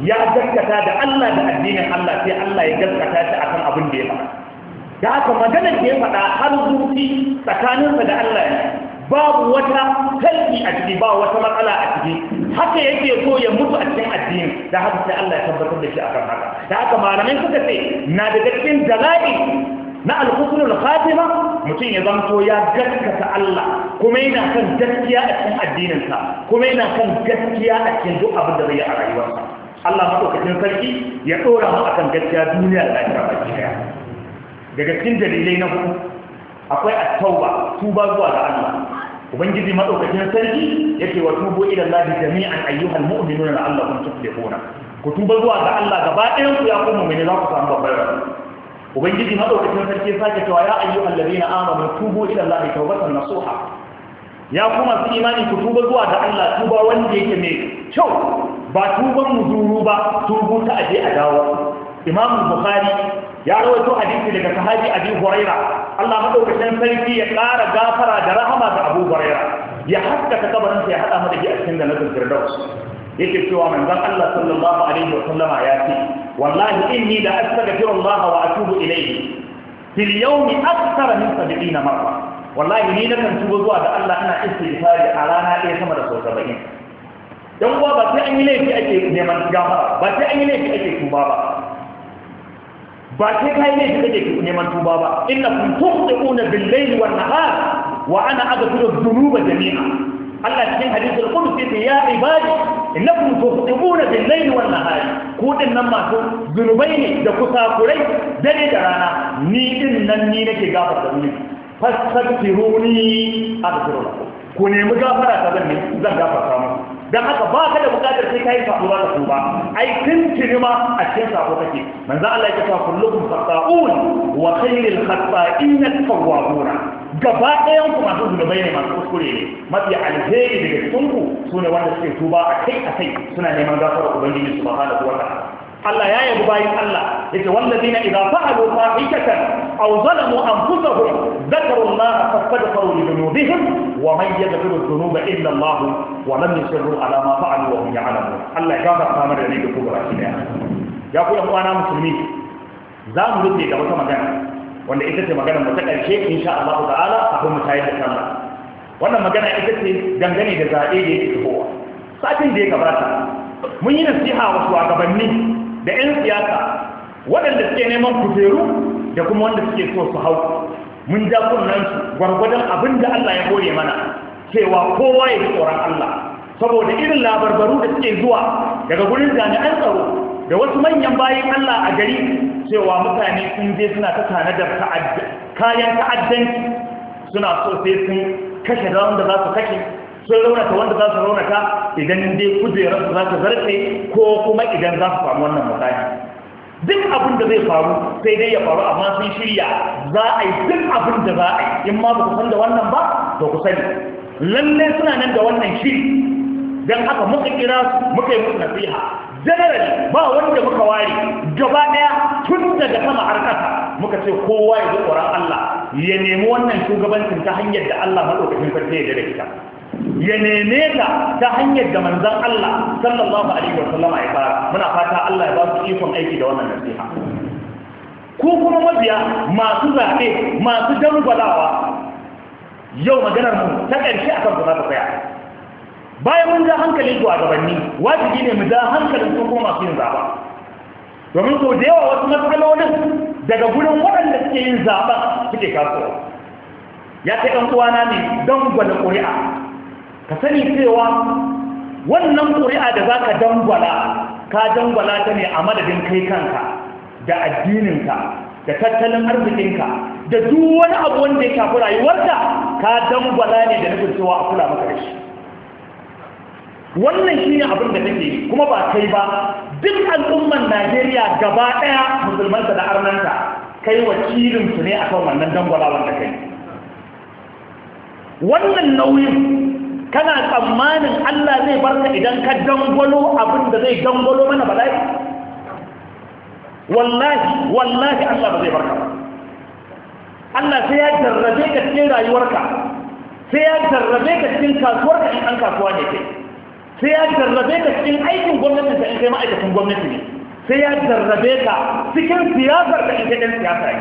ya gaskata da Allah da addinin Allah sai Allah ya gaskata shi akan abin da ya faɗa da haka magana da ya faɗa har zurfi tsakaninsa da Allah ne babu wata kalbi a ciki wata matsala a ciki haka yake so ya mutu a cikin addini da haka sai Allah ya tabbatar da shi akan haka da haka malamai suka ce na da cikin dalali na alhukunul Fatima mutum ya zanto ya gaskata Allah kuma yana kan gaskiya a cikin addininsa kuma yana kan gaskiya a cikin duk abin da zai yi a rayuwarsa Allah madaukakin sarki ya dora mu akan gaskiya duniya da lafiya baki daya daga cikin dalilai na hudu akwai at-tauba tuba zuwa ga Allah ubangiji madaukakin sarki yake wa tubu ila Allah jami'an ayyuhan mu'minuna la'allakum tuflihuna ku tuba zuwa ga Allah gaba ɗayan ku ya ku mu'mini za ku samu babbar ubangiji madaukakin sarki sake cewa ya ayyuhal ladina amanu tubu ila allahi tawbatan nasuha ya kuma su imani ku tuba zuwa da Allah tuba wanda yake mai kyau ba tuban muzuru ba tubu ta aje a dawo imam bukhari ya rawaito hadisi daga sahabi abi huraira Allah madaukakin sarki ya ƙara gafara da rahama ga abu huraira ya haskaka kabarin sa ya hada mu da a cikin jannatul firdaus yake cewa manzon Allah sallallahu alaihi wa sallama ya ce wallahi inni da astaghfirullah wa atubu ilayhi fil yawmi akthar min 70 marra wallahi ni na kan tuba zuwa da Allah ina istighfari a rana ɗaya sama da sau 70 dan uwa ba sai an yi laifi ake neman gafara ba sai an yi laifi ake tuba ba ba sai kai laifi kake neman tuba ba innakum tuqtiquna bil layli wan nahar wa ana aghfiru dhunuba jami'a Allah cikin hadisul qudsi ce ya ibadi innakum tuqtibuna bil layli wan nahari ku din nan masu zunubai ne da kusa kusakurai dare da rana ni din nan ni nake gafarta ni fastaghfiruni aghfirullah ku nemi gafara ta zan zan gafarta muku dan haka ba ka da bukatar sai kai sabo ba ka tuba ai tun ma a cikin sabo kake manzo Allah ya ce kullukum khata'un wa khayrul khata'in at-tawwabuna gaba ɗayan ku masu zunubai ne masu kuskure ne mafi alheri daga cikin su ne wanda suke tuba a kai a kai suna neman gafarar ubangiji subhanahu wa ta'ala Allah ya yabi bayan Allah yace wallazina idza fa'alu fahishatan aw zalamu anfusahum dhakaru Allah fastaghfiru li dhunubihim wa man yaghfiru dhunuba illa Allah wa lam yusirru ala ma fa'alu wa hum ya'lamun Allah ya gafarta mana da ne da kuma shi ne ya ku yan uwana musulmi za mu rufe da wata magana wanda ita ce magana mu ta ƙarshe sha Allah ta'ala kuma mu yi da sallah wannan magana ita ce dangane da zaɓe da yake tafowa satin da ya gabata mun yi nasiha wa gabanni da 'yan siyasa waɗanda suke neman kuferu da kuma wanda suke so su hau mun ja su gwargwadon abin da Allah ya kore mana cewa kowa ya tsoron Allah saboda irin labarbaru da suke zuwa daga gurin jami'an tsaro da wasu manyan bayan Allah a gari cewa mutane sun je suna ta tanadar kayan ta'addanci suna so sai sun kashe da wanda za su kashe sun raunata wanda za su raunata idan dai kujerar za su zarce ko kuma idan za su samu wannan mutane duk abin da zai faru sai dai ya faru amma sun shirya za a yi duk abin da za a yi in ma ba ku san da wannan ba ba ku sani lallai suna nan da wannan shiri don haka muka kira su muka yi musu nasiha generally ba wanda muka ware gaba daya tun daga sama har kasa muka ce kowa ya tsoron Allah ya nemi wannan shugabancin ta hanyar da Allah madaukakin sarki ya dare ta ya neme ta ta hanyar da manzon Allah sallallahu alaihi wasallama ya fara muna fata Allah ya ba su ikon aiki da wannan nasiha ko kuma mabiya masu zaɓe masu dangwalawa yau maganar mu ta ƙarshe akan kuma ta tsaya bayan mun ja hankali zuwa gabanni, wajibi ne mu ja hankalin su kuma masu yin zaba domin sau da yawa wasu matsalolin daga gudun waɗanda suke yin zaɓa suke kasuwa ya ce ɗan uwana ne don gwada ƙuri'a ka sani cewa wannan ƙuri'a da za ka dangwala ka dangwala ta ne a madadin kai kanka da addininka da tattalin arzikinka da duk wani abu wanda ya shafi rayuwarka ka dangwala ne da nufin cewa a kula maka da shi wannan shi ne abin da take kuma ba kai ba duk al'umman najeriya gaba ɗaya musulmanta da arnanta kai wakilinsu ne a kan wannan dangwala wanda kai wannan nauyin kana tsammanin allah zai barka idan ka dangwalo abin da zai dangwalo mana ba bala'i wallahi wallahi allah ba zai barka ba allah sai ya jarrabe ka cikin rayuwarka sai ya jarrabe ka cikin kasuwarka in an kasuwa ne kai sai ya jarrabe ka cikin aikin gwamnati da in kai ma'aikatan gwamnati ne sai ya jarrabe ka cikin siyasar da in kai ɗan siyasa ne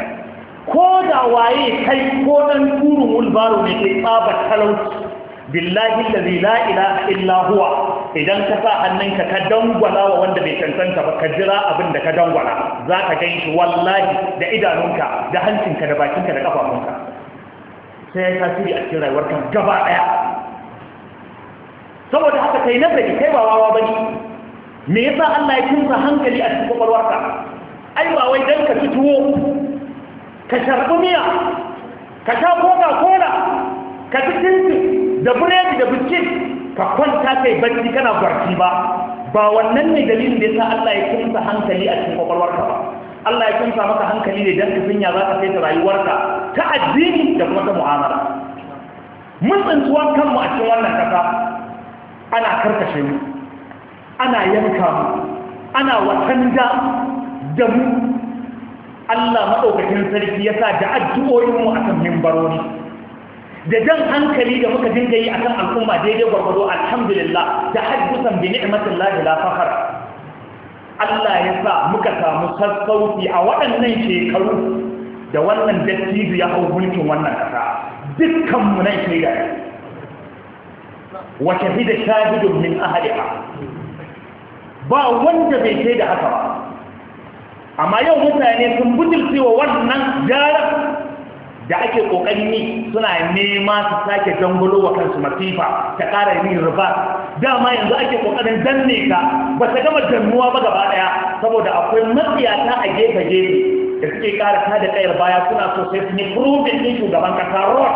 ko da waye kai ko ɗan turun wulbaro ne kai tsabar talauci billahi lazi la ilaha illa huwa idan ka sa hannunka ka dangwala wa wanda bai cancanta ba ka jira abin da ka dangwala za ka gan shi wallahi da idanunka da hancinka da bakinka da kafafunka sai ya tasiri a cikin rayuwarka gaba ɗaya saboda haka kai nazari kai ba wawa ne. me yasa Allah ya kinsa hankali a cikin kwakwalwarka ai ba wai dan ka ci tuwo ka sharbi miya ka sha koka kola ka ci tintin da biredi da biskit ka kwanta kai barci kana barci ba ba wannan ne dalilin da yasa Allah ya kinsa hankali a cikin kwakwalwarka ba Allah ya kinsa maka hankali ne dan ka sanya za ka saita rayuwarka ta addini da kuma ta mu'amala mun tsintuwa kanmu a cikin wannan kasa ana karkashe mu ana yanka mu ana watanda da mu Allah maɗaukakin sarki ya sa da addu'o'inmu a kan mimbaroni da jan hankali da muka dinga yi a kan al'umma daidai gwargwado alhamdulillah da haddusan bi ni'matin lahi la fahar Allah ya sa muka samu sassauci a waɗannan shekaru da wannan dattijo ya hau mulkin wannan ƙasa dukkanmu nan shaida wa ta shahidun min ahliha ba wanda bai ce da haka ba amma yau mutane sun butulce wa wannan gara da ake kokarin suna nema su sake dangulo wa kansu masifa ta ƙara yin riba dama yanzu ake kokarin danne ka ba ta gama dannuwa ba gaba ɗaya saboda akwai matsiyata a gefe-gefe da suke ƙara ta da ƙayar baya suna so sai ne furu da shugaban ƙasa ruwa.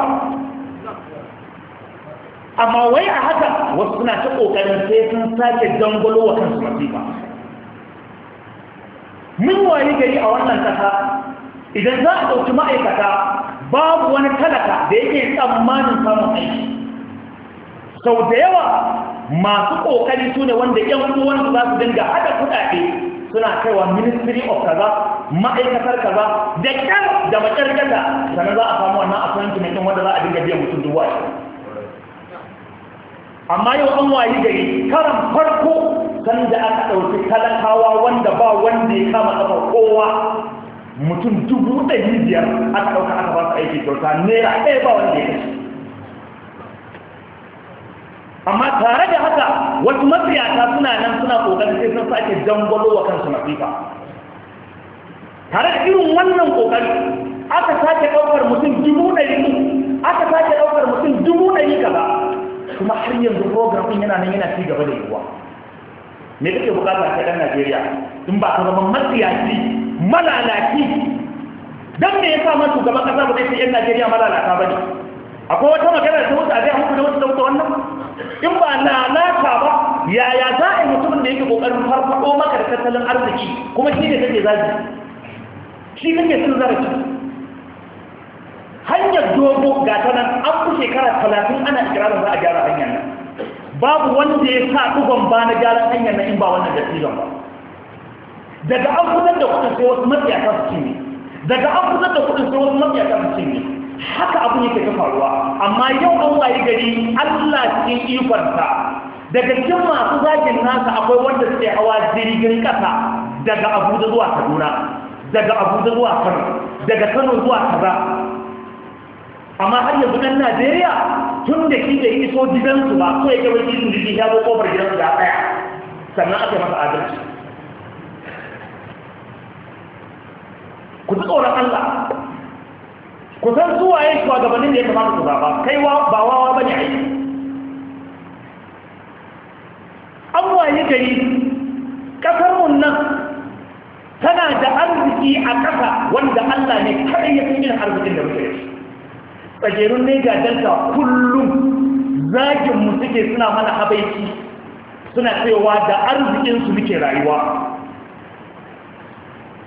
amma wai a haka wasu suna ta ƙoƙarin sai sun sake dangwalo wa kansu masifa mun waye gari a wannan ƙasa idan za a ɗauki ma'aikata babu wani talaka da yake tsammanin samun aiki sau da yawa masu ƙoƙari su ne wanda ‘yan uwansu za su dinga haɗa kuɗaɗe suna kaiwa ministry of kaza ma'aikatar kaza da ƙyar da maƙyar gada sannan za a samu wannan appointment wanda za a dinga biyan mutum dubu amma yau an wayi gari karan farko sanda aka ɗauki talakawa wanda ba wanda ya kama ƙafar kowa mutum dubu ɗari biyar aka ɗauka aka ba su aiki kyauta naira ɗaya ba wanda ya kashe amma tare da haka wasu matsiyata suna nan suna ƙoƙarin sai sun sake dangwalo wa kansu fifa. tare da irin wannan ƙoƙari aka sake ɗaukar mutum dubu ɗari aka sake ɗaukar mutum dubu ɗari gaba kuma har yanzu program din yana nan yana ci da yiwuwa me kake bukata ka dan Najeriya in ba ka zama matsiyaci malalaci dan me yasa ma shugaban kasa ba zai ce yan Najeriya malalaka ba ne akwai wata magana da ta zai a gaya da wata wannan in ba lalata ba yaya za a yi mutumin da yake kokarin farfaɗo maka da tattalin arziki kuma shi ne kake zaji shi kake sun zarafi hanyar dogo ga ta nan an fi shekara talatin ana ikirarin za a gyara hanyar nan babu wanda ya sa ɗugon ba na gyara hanyar nan in ba wannan dattijon ba daga an fitar da kuɗin sai wasu matsiyata su cinye daga an fitar da kuɗin sai wasu matsiyata su cinye haka abin ke ta faruwa amma yau an wayi gari allah cikin ikonsa daga cikin masu zagin nasa akwai wanda suke hawa jirgin ƙasa daga abuja zuwa kaduna daga abuja zuwa kano daga kano zuwa kaza amma har yanzu nan najeriya tun da shi da iso gidansu ba so ya gaba cikin jiki ya zo kofar gidansu da ɗaya sannan aka masa adalci ku ji tsoron allah ku san zuwa ya shi gabanin da ya kamata su zaɓa kai ba wawa ba ne aiki an waye gari ƙasarmu nan tana da arziki a ƙasa wanda allah ne kaɗai ya fi yin arzikin da muke da shi tsagerun ne ga kullum zagin mu suke suna mana habaiki suna cewa da arzikinsu muke rayuwa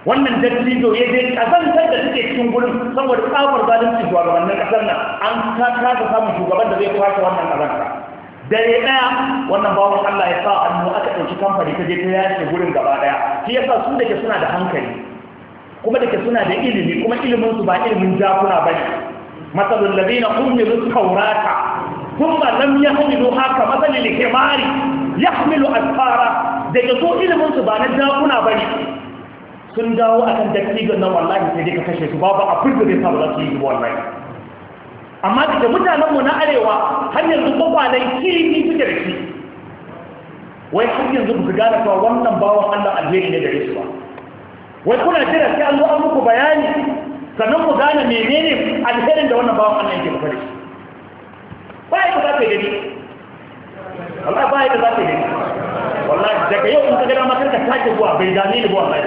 wannan dattijo ya je kazantar da suke cikin gurin saboda tsabar zalunci shugabannin kasar nan an kasa samun shugaban da zai kwashe wannan kazanta dare daya wannan bawan Allah ya sa hannu aka ɗauki kamfani ta je ta yashe gurin gaba daya shi yasa su da suna da hankali kuma da ke suna da ilimi kuma ilimin ba ilimin jakuna bane مثل الذين حملوا التوراة ثم لم يحملوها كمثل الحمار يحمل أسفارا da ga so ilimin su ba na dakuna ne, sun dawo a kan dakilin na wallahi sai dai ka kashe su babu abin da sabu sa su yi wallahi amma daga mutanenmu na arewa har yanzu kwakwalen kiri suke da shi wai har yanzu ku gane cewa wannan bawan Allah alheri ne da su ba wai kuna jira sai an zo an muku bayani sannan mu gane menene alherin da wannan bawan Allah yake bari bai ka za gani Allah bai ka za gani wallahi daga yau in ka ga maka ta ce zuwa bai gani ni zuwa bai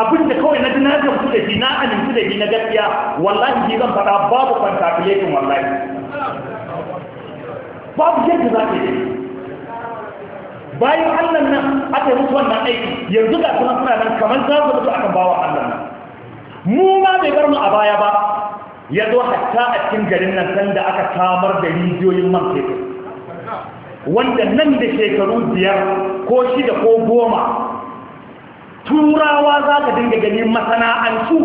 abin da kawai na ji na gamsu da shi na amince da shi na gaskiya wallahi shi zan faɗa babu kwantafilation wallahi babu yadda za ka yi bayan allah nan aka yi musu wannan aiki yanzu ga suna suna nan kamar ya zo hatta a cikin garin nan sanda aka samar da rijiyoyin man fetur wanda nan da shekaru biyar ko shida ko goma turawa za ka dinga ganin masana'antu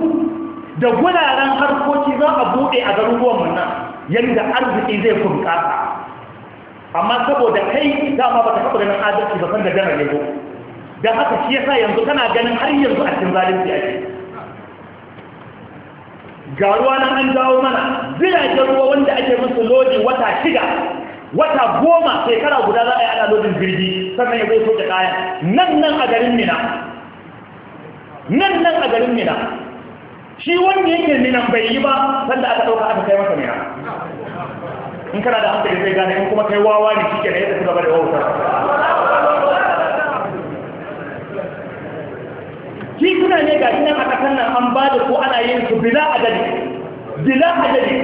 da wuraren harkoki za a buɗe a garuruwan nan yadda arziki zai bunƙasa amma saboda kai dama ba ta kafa ganin adalci ba sanda janar yanzu don haka shi yasa yanzu tana ganin har yanzu a cikin zalunci ake ga ruwa na an jawo mana jiragen ruwa wanda ake musu lodi wata shiga, wata goma shekara guda za a yi ana lodin jirgi sannan ya zai soke kaya nan nan a garin mina nan nan a garin mina shi wanda yake minan bai yi ba sanda aka ɗauka aka kai masa mina in kana da hankali sai gane in kuma kai wawa ne shi ke da yadda su gaba da wautar tituna ne ga nan a ƙasar nan an ba da ko ana yin su bila adadi bila adali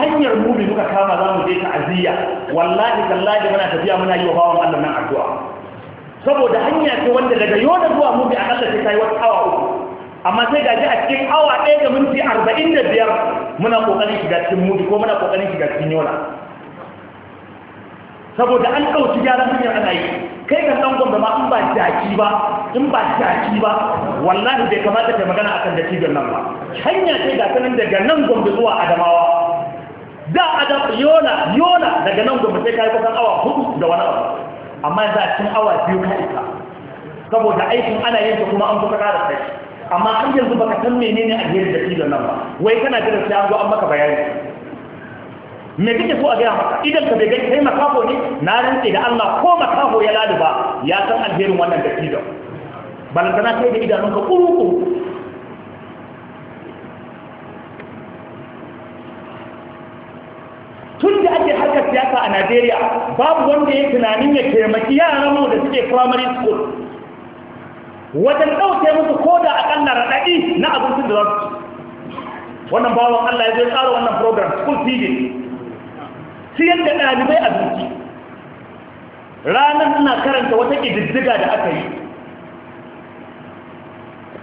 hanyar mubi muka kama za mu je ta'aziyya wallahi tallahi muna tafiya muna yi wa bawan Allah nan addu'a saboda hanya ce wanda daga yola zuwa mubi a akalla ta kai wata awa uku amma sai ga a cikin awa ɗaya da minti arba'in da biyar muna ƙoƙarin shiga cikin mubi ko muna ƙoƙarin shiga cikin yola saboda an ɗauki gyaran hanyar ana yi kai ka san gwamna ma in ba jaki ba in ba jaki ba wallahi bai kamata ka magana akan da cibiyar nan ba hanya ce ga sanin daga nan gwamna zuwa adamawa da adam yona yona daga nan gwamna sai ka kusan awa hudu da wani abu amma yanzu a cikin awa biyu ka isa saboda aikin ana yin kuma an kusa ƙara sai amma an yanzu baka san menene alheri da cibiyar nan ba wai kana jira sai an zo an maka bayani me kake so a gaya maka idan ka bai gani kai makaho ne na rantse da Allah ko makaho ya laluba ya san alherin wannan da ban balantana kai da idanunka ka kuruku tun da ake harkar siyasa a najeriya babu wanda ya tunanin ya taimaki mu da suke primary school wajen ɗauke musu ko da aƙalla raɗaɗi na abincin da za su ci wannan bawon allah ya zai tsara wannan program school feeding ciyar da ɗalibai abinci ranar suna karanta wata ƙididdiga da aka yi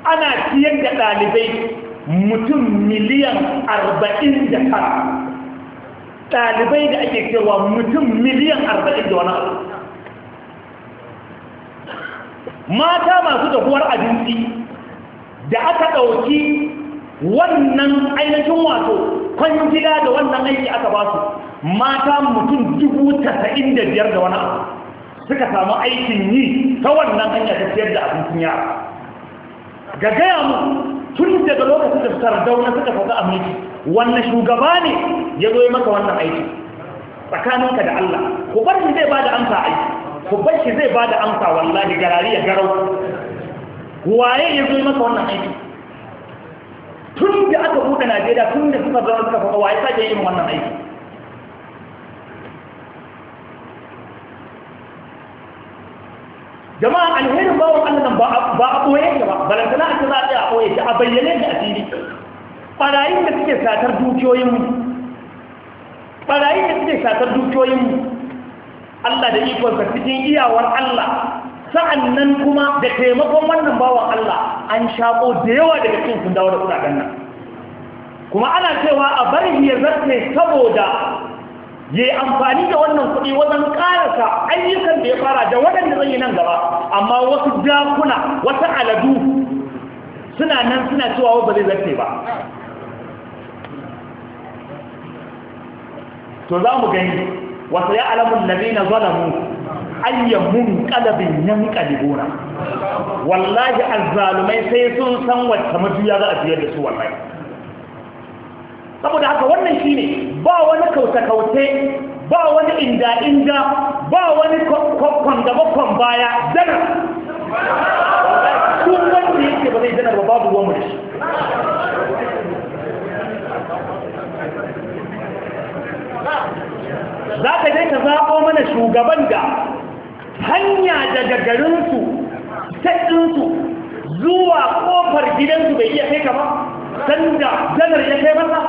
ana ciyar da ɗalibai mutum miliyan arba'in da tara ɗalibai da ake cewa mutum miliyan arba'in da wani mata masu dahuwar abinci da aka ɗauki wannan ainihin wato kwangila da wannan aiki aka ba su mata mutum dubu tasa'in da biyar da wani abu suka samu aikin yi ta wannan hanya ta siyar da abincin yara ga gaya mu tun daga lokacin da sardauna suka sauka amince wannan shugaba ne ya zo maka wannan aiki tsakaninka da Allah ku bar shi zai da amsa aiki ku bar shi zai da amsa wallahi garari ya garau waye ya zo maka wannan aiki tun da aka buɗe najeriya tun da suka zama suka faɗa waye sake yin wannan aiki jama'a alherin bawon allah nan ba a ɓoye shi ba balantana a za a tsaya a ɓoye shi a bayyane shi a fili ɓarayin da suke satar dukiyoyinmu ɓarayin da suke satar dukiyoyinmu allah da ikonsa cikin iyawar allah sa'an nan kuma da taimakon wannan bawan Allah an shaƙo da yawa daga cikin sun dawo da kudaden nan kuma ana cewa a bari ya zarce saboda ya amfani da wannan kuɗi wajen ƙarasa ayyukan da ya fara da waɗanda zai yi nan gaba amma wasu dakuna wasu aladu suna nan suna cewa ba zai zarce ba to za mu gani wasu ya alamun zalamu ayya mun kalabin yan kalibona wallahi azzalumai sai sun san wacce majuya za a biyar da su wallahi saboda haka wannan shine ba wani kauta-kaute ba wani inda-inda ba wani kwakwan da bakwan baya dana duk wanda yake ba zai dana ba babu wani shi za ka je ka zaɓo mana shugaban da hanya daga garinsu taɗinsu zuwa ƙofar gidansu bai iya kai kama ba sanda zanar ya kai masa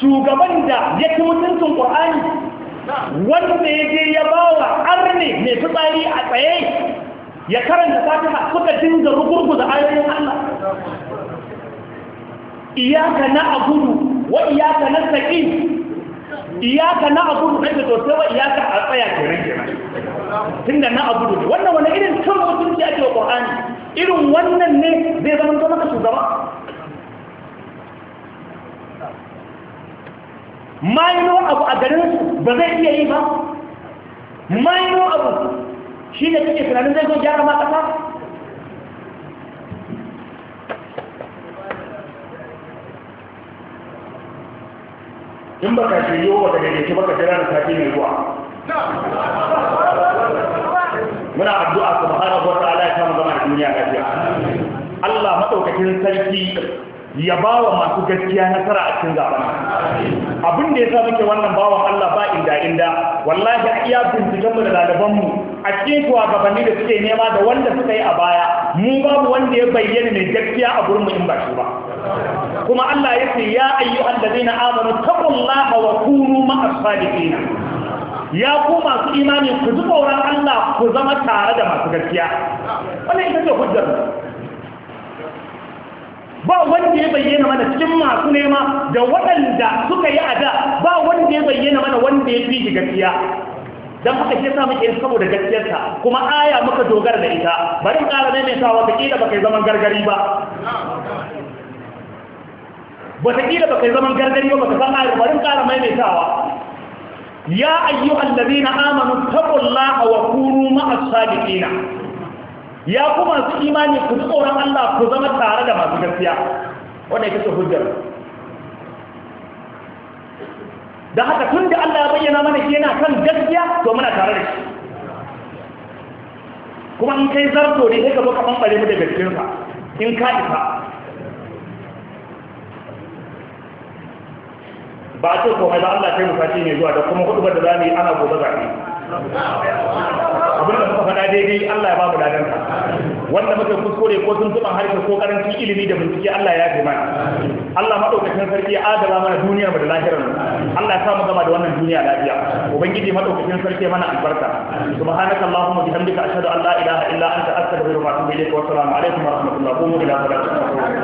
shugaban da ya ci mutuntun ƙwa'ani wanda ya je ya ba wa arne mai fitsari a tsaye ya karanta fatiha suka da rukurku da ayoyin Allah iyaka na abudu wa iyaka na saƙi iyaka na abu da kai to sai wa iyaka a tsaya ke rage tunda na abu da wannan wani irin kan mutunci ake wa qur'ani irin wannan ne zai zama maka shugaba maino abu a garin su ba zai iya yi ba maino abu shi ne kake tunanin zai zo gyara ma ƙasa? in baka wa daga yake baka jira da safi mai zuwa muna addu'a zuwa ta ala ya samu zama da duniya lafiya Allah maɗaukakin sarki ya ba wa masu gaskiya nasara a cikin zaben abin da ya sa muke wannan bawan Allah ba inda inda wallahi a iya binciken mu da ɗaliban mu a cikin gabanni da suke nema da wanda suka yi a baya mu babu wanda ya bayyana mai gaskiya a gurin mu in ba shi ba kuma Allah ya ce ya ayyuhan ladina amanu laha wa kunu da sadiqin ya ku masu imani ku zuba tsoron Allah ku zama tare da masu gaskiya wannan ita ce hujjar ba wanda ya bayyana mana cikin masu nema da waɗanda suka yi a da ba wanda ya bayyana mana wanda ya fi gaskiya don haka shi samu muke saboda gaskiyarsa kuma aya muka dogara da ita bari ƙara maimaitawa ta ƙila ba kai zaman gargari ba wataƙila ba kai zaman gargari ba ka san ayar barin ƙara maimaitawa ya ayyu allazi na amanu taqullaha wa kunu ma'as sadiqina ya kuma su imani ku tsoron Allah ku zama tare da masu gaskiya wanda ya ce hujjar da haka tun da Allah ya bayyana mana yana kan gaskiya to muna tare da shi kuma in kai zarto ne sai ka zo ka bambare mu da gaskiyarsa in ka isa ba a ce komai ba Allah kai musashi ne zuwa da kuma hudu da za ana gobe ba. abin da suka faɗa daidai Allah ya ba mu ladanka wanda muka kuskure ko sun tuban harshe ko karancin ilimi da bincike Allah ya ji mana Allah madaukakin sarki ya adala mana duniyar mu da lahirar Allah ya sa mu gama da wannan duniya lafiya ubangiji madaukakin sarki mana albarka subhanaka allahumma bihamdika ashhadu an la ilaha illa anta astaghfiruka wa atubu ilayk wa assalamu alaikum wa rahmatullahi wa barakatuh